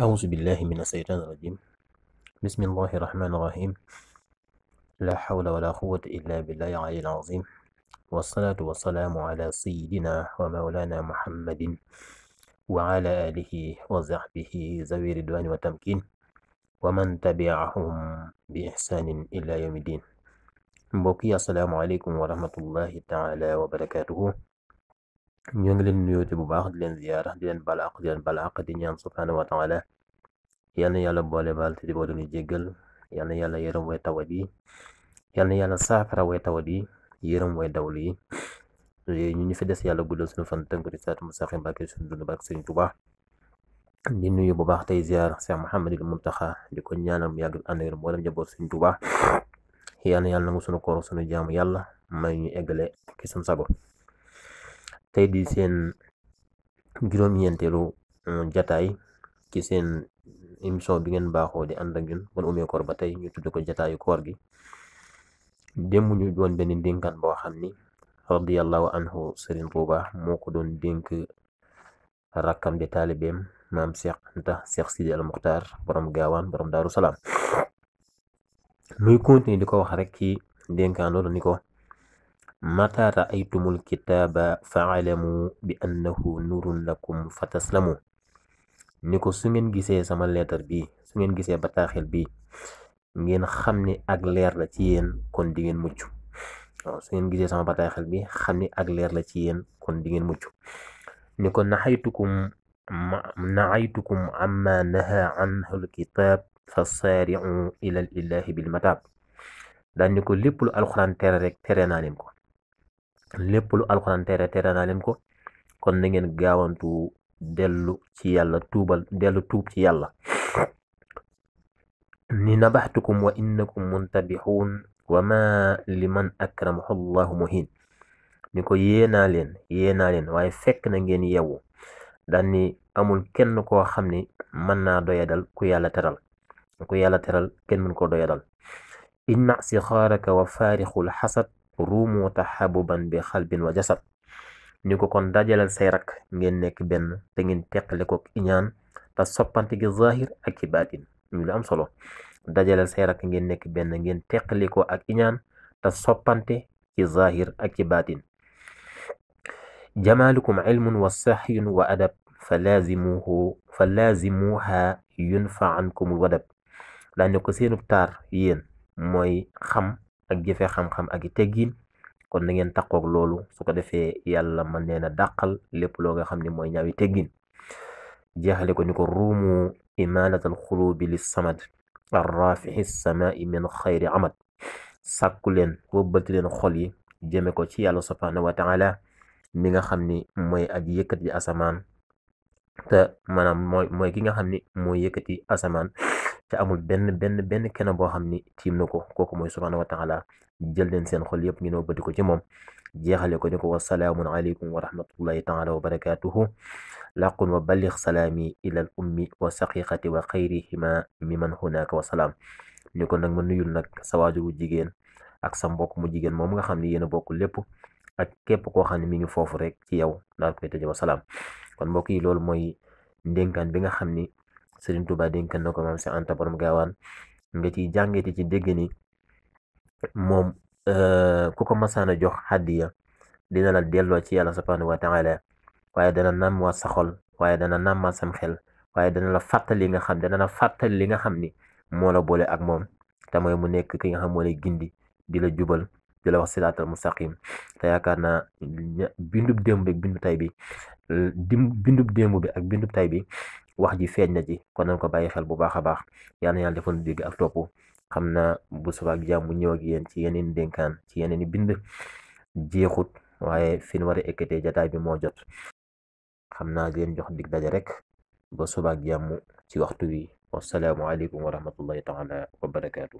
أعوذ بالله من الشيطان الرجيم بسم الله الرحمن الرحيم لا حول ولا قوة إلا بالله العلي العظيم والصلاة والسلام على سيدنا ومولانا محمد وعلى آله وصحبه ذوي الرضوان والتمكين ومن تبعهم بإحسان إلى يوم الدين mbokk yi assalaamu aleykum wa rahmatullahi taala wa barakatuhu ñoo ngi leen nuyooti bu baax di leen ziyaara di leen balaaq di leen balaaq di ñaan subhaanahu wa taala yal na yàlla boole baal te di boole ñu jéggal yal na yàlla yërëm way tawat yi yal na yàlla saafara way tawat yi yërëm way dawlu yi ñu ñu fi des yàlla guddal suñu fan tënk mu saat musaxi mbàkke suñu dund barke sëriñ Tuubaa di nuyu bu baax tey ziyaar Seex Muhammadul Muntaxa di ko ñaanal mu yàgg ànd ak mboolem njaboot suñu Tuubaa yal na yàlla nangu sunu koor suñu jaamu yàlla may ñu eggale ki suñu sago tey di seen juróom-ñeenteelu uh, jataay ci seen émission bi ngeen baaxoo di ànd ak ñun bon umee koor ba tey ñu tudd ko jataayu koor gi démb ñu doon benn dénkaan boo xam ni radiyallahu anhu sëriñ Tuuba moo ko doon dénk rakkam di taalibeem maam Cheikh Anta Cheikh Sidi al Muxtaar borom gaawaan borom daaru salaam muy di ko wax rek ci dénkaan loolu ni ko متى رأيتم الكتاب فاعلموا بأنه نور لكم فتسلموا ni ko su ngeen gisee sama leetar bi su ngeen gisee bataaxel bi ngeen xam ni ak leer la ci yéen kon di ngeen mucc waaw su ngeen gisee sama bataaxel bi xam ni ak leer la ci yéen kon di ngeen mucc ni ko naxaytukum naxaytukum amma naha anhu alkitab fa saariu ila l ilahi bilmatab daan ni ko lépp lu alxuraan tere rek tere naa leen ko lépp lu alxuraan tere tere naa leen ko kon na ngeen gaawantu dellu ci yàlla tuubal dellu tuub ci yàlla ni nabaxtukum wa innakum muntabixuun wa ma liman akramahu allahu muhin ni ko yéenaa leen yéenaa leen waaye fekk na ngeen yewu daan ni amul kenn koo xam ni mën naa doyadal ku yàlla teral ku yàlla teral kenn mën koo doyadal in maxsi xaaraka wa faarixul xasad ruumu taxabuban bi xalbin wa jasad ni ko kon dajaleel say ngeen nekk benn te ngeen teqale ko iñaan te soppante ak ci baatin am solo dajaleel say ngeen nekk benn ngeen teqale ko ak iñaan ta soppante ci zahir ak ci baatin jamaalukum wa sahyun wa adab fa laazimuhu fa yunfa ankumul wadab daa ne ko seenub taar yéen mooy xam ak jëfe xam-xam ak i teggiin kon na ngeen takkoog loolu su ko defee yàlla mën nee na dàqal lépp loo nga xam ni mooy ñaawi teggiin jeexale ko ni ko ruumu imanat al xulubi lis samad arrafixi samaai min xayri amad sàkku leen wëbbati leen xol yi jëme ko ci yàlla subhanahu wa taala mi nga xam ni mooy aji yëkkati asamaan te maanaam mooy ki nga xam ni mooy yëkkati asamaan te amul benn benn benn kenn boo xam ni tiim na ko kooku mooy subhaanahu wa taala jël leen seen xol yëpp ngeen wëbbati ko ci moom jeexale ko ni ko wasalaamun aleykum wa rahmatullahi taala wa barakatuhu laqun wa balligh salaami ila al ummi wa saqiqati wa xayrihima miman hunaka wa salaam ni ko nag ma nuyul nag sa waajur wu jigéen ak sa mbokk mu jigéen moom nga xam ne yéen a bokk lépp ak képp koo xam ne mi ngi foofu rek ci yow daal koy tëje wa salaam yi loolu mooy bi nga xam ni Serigne Touba dénkan na ko maam si Anta borom gaawaan nga ciy jàngate ci dégg ni moom euh, ku ko masaana jox hadiya dina la delloo ci yàlla subhanahu wa taala waaye dana namwaat sa saxool waaye dana nammaat sam xel waaye dana la fàttali nga xam dana la fàttali li nga xam ni moo la boole ak moom te mu nekk ki nga xam moo lay gindi di jubal di la wax siraatal mustaqim te yaakaar naa bindub démb bi ak bi dim bindub démb bi ak bindub tay bi wax ji feeñ na ci kon nañ ko bàyyi xel bu baax a baax yal na yàlla defoon dégg ak topp xam na bu subaa ak jàmm bu ñëw yéen ci yeneen dénkaan ci yeneen i bind jeexut waaye fi ñu war a ekkatee jataay bi moo jot xam naa leen jox dig daje rek ba subaa ak jàmm ci waxtu wi wasalaamu aleykum wa rahmatullahi taala wa barakaatu